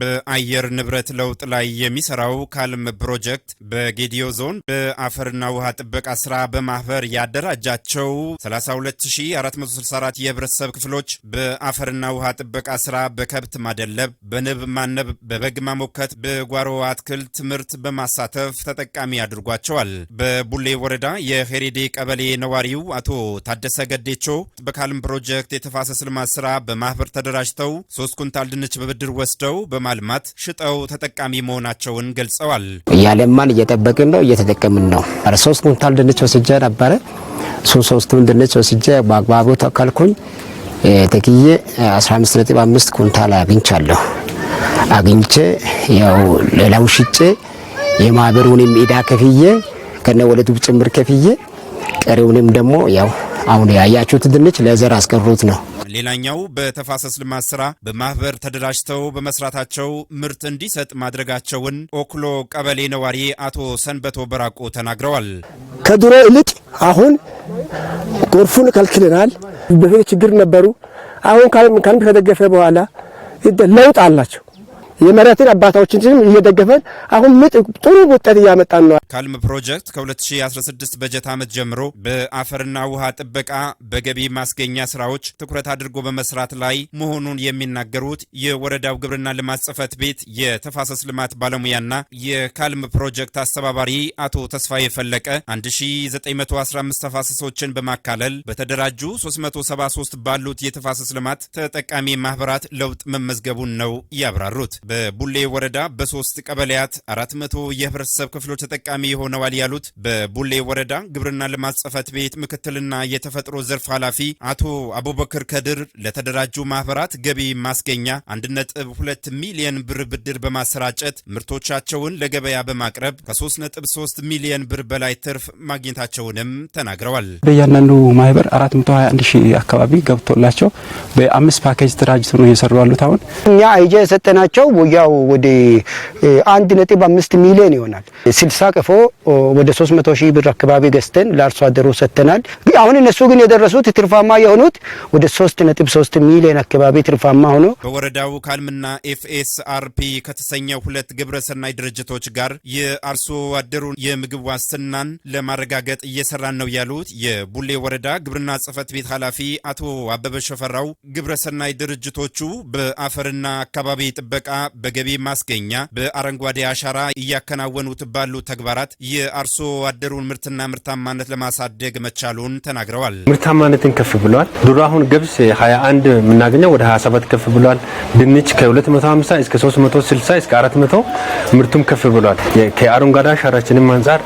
በአየር ንብረት ለውጥ ላይ የሚሰራው ካልም ፕሮጀክት በጌዲዮ ዞን በአፈርና ውሃ ጥበቃ ስራ በማህበር ያደራጃቸው 32464 የህብረተሰብ ክፍሎች በአፈርና ውሃ ጥበቃ ስራ በከብት ማደለብ፣ በንብ ማነብ፣ በበግ ማሞከት፣ በጓሮ አትክልት ምርት በማሳተፍ ተጠቃሚ አድርጓቸዋል። በቡሌ ወረዳ የሄሬዴ ቀበሌ ነዋሪው አቶ ታደሰ ገዴቾ በካልም ፕሮጀክት የተፋሰስ ልማት ስራ በማህበር ተደራጅተው ሶስት ኩንታል ድንች በብድር ወስደው በማልማት ሽጠው ተጠቃሚ መሆናቸውን ገልጸዋል። እያለማን እየጠበቅን ነው፣ እየተጠቀምን ነው። ሶስት ኩንታል ድንች ወስጄ ነበረ። እሱ ሶስቱን ድንች ወስጄ በአግባቡ ተከልኩኝ። ተክዬ 15.5 ኩንታል አግኝቻለሁ። አግኝቼ ያው ሌላው ሽጬ የማህበሩንም ዕዳ ከፍዬ ከነ ወለዱ ጭምር ከፍዬ ቀሪውንም ደግሞ ያው አሁን ያያችሁት ድንች ለዘር አስቀሩት ነው። ሌላኛው በተፋሰስ ልማት ስራ በማህበር ተደራጅተው በመስራታቸው ምርት እንዲሰጥ ማድረጋቸውን ኦክሎ ቀበሌ ነዋሪ አቶ ሰንበቶ በራቆ ተናግረዋል። ከድሮ ይልቅ አሁን ጎርፉን ከልክልናል። በፊት ችግር ነበሩ። አሁን ካምፕ ከደገፈ በኋላ ለውጥ አላቸው። የመረትን ስም እየደገፈን አሁን ምጥ ጥሩ ውጤት እያመጣን ነው። ካልም ፕሮጀክት ከ2016 በጀት ዓመት ጀምሮ በአፈርና ውሃ ጥበቃ፣ በገቢ ማስገኛ ስራዎች ትኩረት አድርጎ በመስራት ላይ መሆኑን የሚናገሩት የወረዳው ግብርና ልማት ጽፈት ቤት የተፋሰስ ልማት ባለሙያና የካልም ፕሮጀክት አስተባባሪ አቶ ተስፋዬ ፈለቀ 1915 ተፋሰሶችን በማካለል በተደራጁ 373 ባሉት የተፋሰስ ልማት ተጠቃሚ ማህበራት ለውጥ መመዝገቡን ነው ያብራሩት። በቡሌ ወረዳ በሶስት ቀበሌያት አራት መቶ የህብረተሰብ ክፍሎች ተጠቃሚ ሆነዋል ያሉት በቡሌ ወረዳ ግብርና ልማት ጽሕፈት ቤት ምክትልና የተፈጥሮ ዘርፍ ኃላፊ አቶ አቡበክር ከድር ለተደራጁ ማህበራት ገቢ ማስገኛ 1.2 ሚሊየን ብር ብድር በማሰራጨት ምርቶቻቸውን ለገበያ በማቅረብ ከ3.3 ሚሊየን ብር በላይ ትርፍ ማግኘታቸውንም ተናግረዋል። በእያንዳንዱ ማህበር 421 ሺህ አካባቢ ገብቶላቸው በአምስት ፓኬጅ ተደራጅተው ነው እየሰሩ ያሉት። አሁን እኛ አይጀ የሰጠናቸው ያው ወደ አንድ ነጥብ አምስት ሚሊዮን ይሆናል። ስልሳ ቀፎ ወደ ሶስት መቶ ሺህ ብር አካባቢ ገዝተን ለአርሶ አደሩ ሰጥተናል። አሁን እነሱ ግን የደረሱት ትርፋማ የሆኑት ወደ 3.3 ሚሊዮን አካባቢ ትርፋማ ሆኖ በወረዳው ካልምና ኤፍኤስአርፒ ከተሰኘው ሁለት ግብረሰናይ ድርጅቶች ጋር የአርሶ አደሩን የምግብ ዋስትናን ለማረጋገጥ እየሰራን ነው ያሉት የቡሌ ወረዳ ግብርና ጽህፈት ቤት ኃላፊ አቶ አበበ ሸፈራው ግብረሰናይ ድርጅቶቹ በአፈርና አካባቢ ጥበቃ፣ በገቢ ማስገኛ፣ በአረንጓዴ አሻራ እያከናወኑት ባሉ ተግባራት የአርሶ አደሩን ምርትና ምርታማነት ለማሳደግ መቻሉን ተናግረዋል። ምርታማነትን ከፍ ብሏል። ድሮ አሁን ገብስ 21 የምናገኘው ወደ 27 ከፍ ብሏል። ድንች ከ250 እስከ 360 እስከ 400 ምርቱም ከፍ ብሏል። ከአረንጓዴ አሻራችንም አንጻር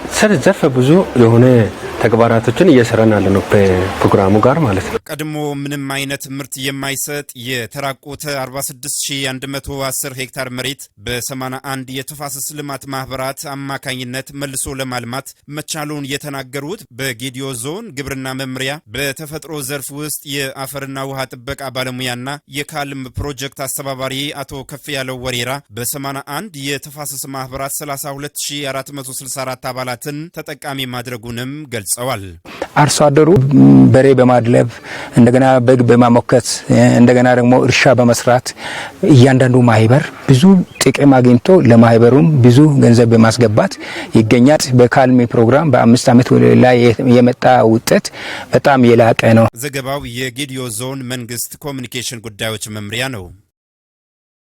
ዘርፈ ብዙ የሆነ ተግባራቶችን እየሰራን ነው፣ በፕሮግራሙ ጋር ማለት ነው። ቀድሞ ምንም አይነት ምርት የማይሰጥ የተራቆተ 46110 ሄክታር መሬት በ81 የተፋሰስ ልማት ማህበራት አማካኝነት መልሶ ለማልማት መቻሉን የተናገሩት በጌዲዮ ዞን ግብርና መምሪያ በተፈጥሮ ዘርፍ ውስጥ የአፈርና ውሃ ጥበቃ ባለሙያና የካልም ፕሮጀክት አስተባባሪ አቶ ከፍ ያለው ወሬራ በ81 የተፋሰስ ማህበራት 32464 አባላትን ተጠቃሚ ማድረጉንም ገልጸዋል። ገልጸዋል። አርሶ አደሩ በሬ በማድለብ እንደገና በግ በማሞከት እንደገና ደግሞ እርሻ በመስራት እያንዳንዱ ማህበር ብዙ ጥቅም አግኝቶ ለማህበሩም ብዙ ገንዘብ በማስገባት ይገኛል። በካልሚ ፕሮግራም በአምስት ዓመት ላይ የመጣ ውጤት በጣም የላቀ ነው። ዘገባው የጌዲዮ ዞን መንግስት ኮሚኒኬሽን ጉዳዮች መምሪያ ነው።